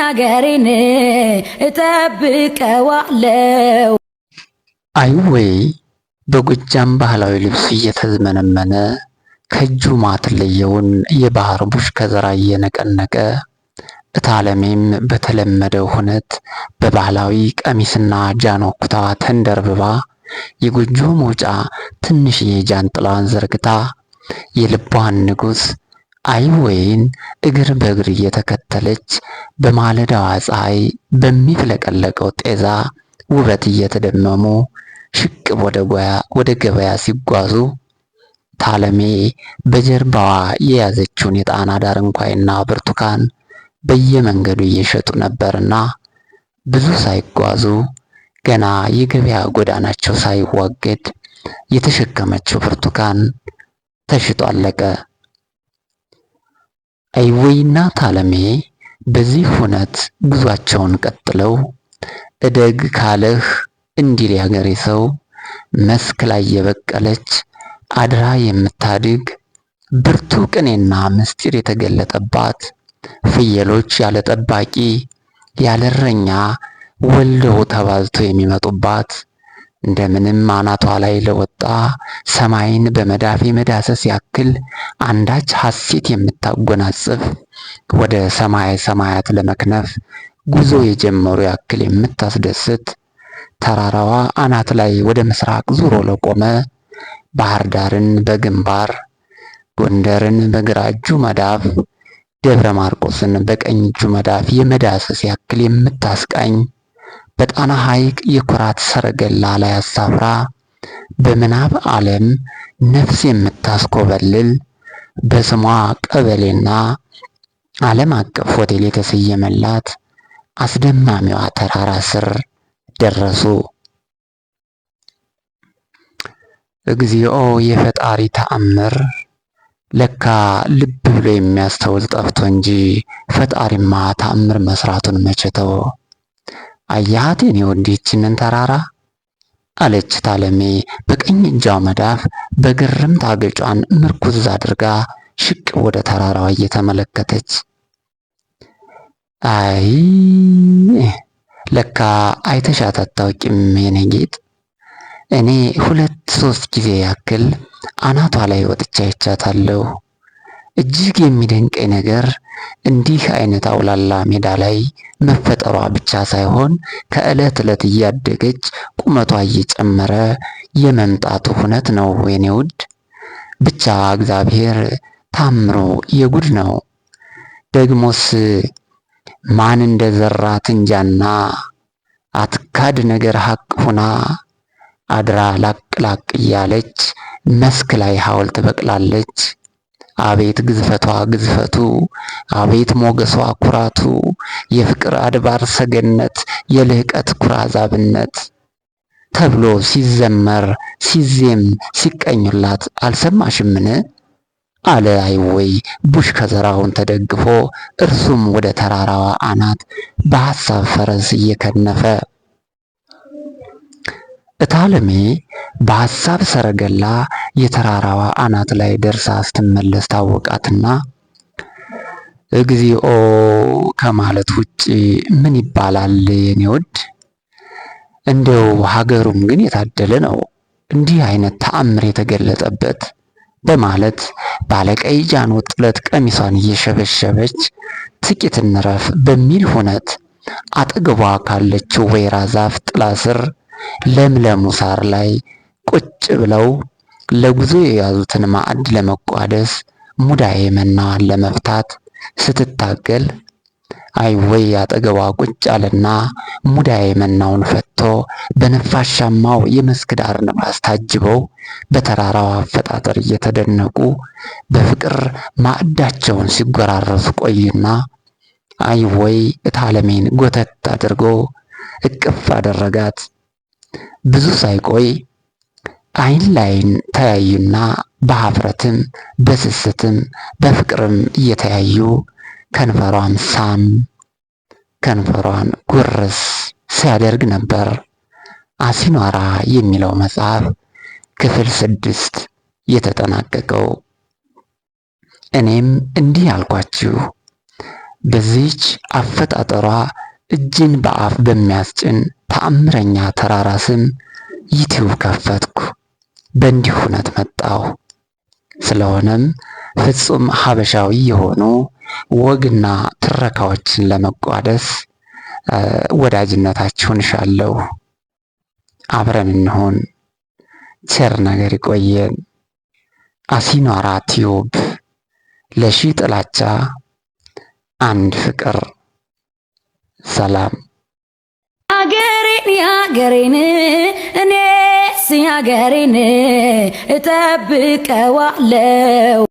ሀገሬን እጠብቀዋለው። አይ በጎጃም ባህላዊ ልብስ እየተዝመነመነ ከእጁ ማትለየውን የባህር ቡሽ ከዘራ እየነቀነቀ እታለሜም በተለመደው ሁነት በባህላዊ ቀሚስና ጃኖኩታ ተንደርብባ የጎጆ መውጫ ትንሽዬ ጃንጥላዋን ዘርግታ የልቧን ንጉሥ አይወይን እግር በእግር እየተከተለች በማለዳዋ ፀሐይ በሚፍለቀለቀው ጤዛ ውበት እየተደመሙ ሽቅ ወደ ገበያ ሲጓዙ ታለሜ በጀርባዋ የያዘችውን የጣና ዳር እንኳይና ብርቱካን በየመንገዱ እየሸጡ ነበርና ብዙ ሳይጓዙ ገና የገበያ ጎዳናቸው ሳይዋገድ የተሸከመችው ብርቱካን ተሽጦ አለቀ። አይወይና ካለሜ በዚህ ሁነት ጉዟቸውን ቀጥለው እደግ ካለህ እንዲል ያገሬ ሰው መስክ ላይ የበቀለች አድራ የምታድግ ብርቱ ቅኔና ምስጢር የተገለጠባት ፍየሎች ያለ ጠባቂ ያለ እረኛ ወልደው ተባዝተው የሚመጡባት እንደምንም አናቷ ላይ ለወጣ ሰማይን በመዳፌ መዳሰስ ያክል አንዳች ሐሴት የምታጎናጽፍ ወደ ሰማይ ሰማያት ለመክነፍ ጉዞ የጀመሩ ያክል የምታስደስት ተራራዋ አናት ላይ ወደ ምስራቅ ዙሮ ለቆመ ባህር ዳርን በግንባር ጎንደርን በግራ እጁ መዳፍ ደብረ ማርቆስን በቀኝ እጁ መዳፍ የመዳሰስ ያክል የምታስቃኝ በጣና ሐይቅ የኩራት ሰረገላ ላይ አሳፍራ በምናብ ዓለም ነፍስ የምታስኮበልል በስሟ ቀበሌና ዓለም አቀፍ ሆቴል የተሰየመላት አስደማሚዋ ተራራ ስር ደረሱ። እግዚኦ የፈጣሪ ተአምር! ለካ ልብ ብሎ የሚያስተውል ጠፍቶ እንጂ ፈጣሪማ ተአምር መስራቱን መቼ አያሃት የኔ ወንድ ይህችንን ተራራ አለች ታለሜ በቀኝ እጇ መዳፍ በግርም አገጯን ምርኩዝ አድርጋ ሽቅ ወደ ተራራዋ እየተመለከተች አይ ለካ አይተሻት አታውቂም የኔ ጌጥ። እኔ ሁለት ሶስት ጊዜ ያክል አናቷ ላይ ወጥቻ ይቻታለሁ። እጅግ የሚደንቀኝ ነገር እንዲህ አይነት አውላላ ሜዳ ላይ መፈጠሯ ብቻ ሳይሆን ከዕለት ዕለት እያደገች ቁመቷ እየጨመረ የመምጣቱ ሁነት ነው። ወይኔ ውድ ብቻ እግዚአብሔር ታምሮ የጉድ ነው። ደግሞስ ማን እንደ ዘራ ትንጃና አትካድ ነገር ሀቅ ሁና አድራ ላቅ ላቅ እያለች መስክ ላይ ሐውልት በቅላለች። አቤት ግዝፈቷ ግዝፈቱ፣ አቤት ሞገሷ ኩራቱ፣ የፍቅር አድባር ሰገነት፣ የልህቀት ኩራዛብነት ተብሎ ሲዘመር ሲዜም ሲቀኙላት አልሰማሽምን? አለ አይወይ ቡሽ ከዘራውን ተደግፎ እርሱም ወደ ተራራዋ አናት በሐሳብ ፈረስ እየከነፈ እታለሜ በሐሳብ ሰረገላ የተራራዋ አናት ላይ ደርሳ ስትመለስ ታወቃትና እግዚኦ ከማለት ውጭ ምን ይባላል የኔ ውድ? እንደው ሀገሩም ግን የታደለ ነው እንዲህ አይነት ተአምር የተገለጠበት በማለት ባለቀይ ጃኖ ጥለት ቀሚሷን እየሸበሸበች ጥቂት እንረፍ በሚል ሁነት አጠገቧ ካለችው ወይራ ዛፍ ጥላ ስር ለምለሙ ሳር ላይ ቁጭ ብለው ለጉዞ የያዙትን ማዕድ ለመቋደስ ሙዳዬ መናዋን ለመፍታት ስትታገል አይወይ አጠገቧ ቁጭ አለና ሙዳዬ መናውን ፈቶ በነፋሻማው የመስክ ዳር ነፋስ ታጅበው በተራራው አፈጣጠር እየተደነቁ በፍቅር ማዕዳቸውን ሲጎራረሱ ቆዩና አይወይ እታለሜን ጎተት አድርጎ እቅፍ አደረጋት። ብዙ ሳይቆይ አይን ላይን ተያዩና በሀፍረትም በስስትም በፍቅርም እየተያዩ ከንፈሯን ሳም ከንፈሯን ጉርስ ሲያደርግ ነበር። አሲኗራ የሚለው መጽሐፍ ክፍል ስድስት የተጠናቀቀው። እኔም እንዲህ አልኳችሁ በዚህች አፈጣጠሯ እጅን በአፍ በሚያስጭን ተአምረኛ ተራራ ስም ዩቲዩብ ከፈትኩ። በእንዲህ እውነት መጣሁ። ስለሆነም ፍጹም ሀበሻዊ የሆኑ ወግና ትረካዎችን ለመቋደስ ወዳጅነታችሁን እሻለሁ። አብረን እንሆን። ቸር ነገር ይቆየን። አሲኗራ ቲዩብ ለሺ ጥላቻ አንድ ፍቅር ሰላም። አገሬን ያገሬን እጠብቀዋለው።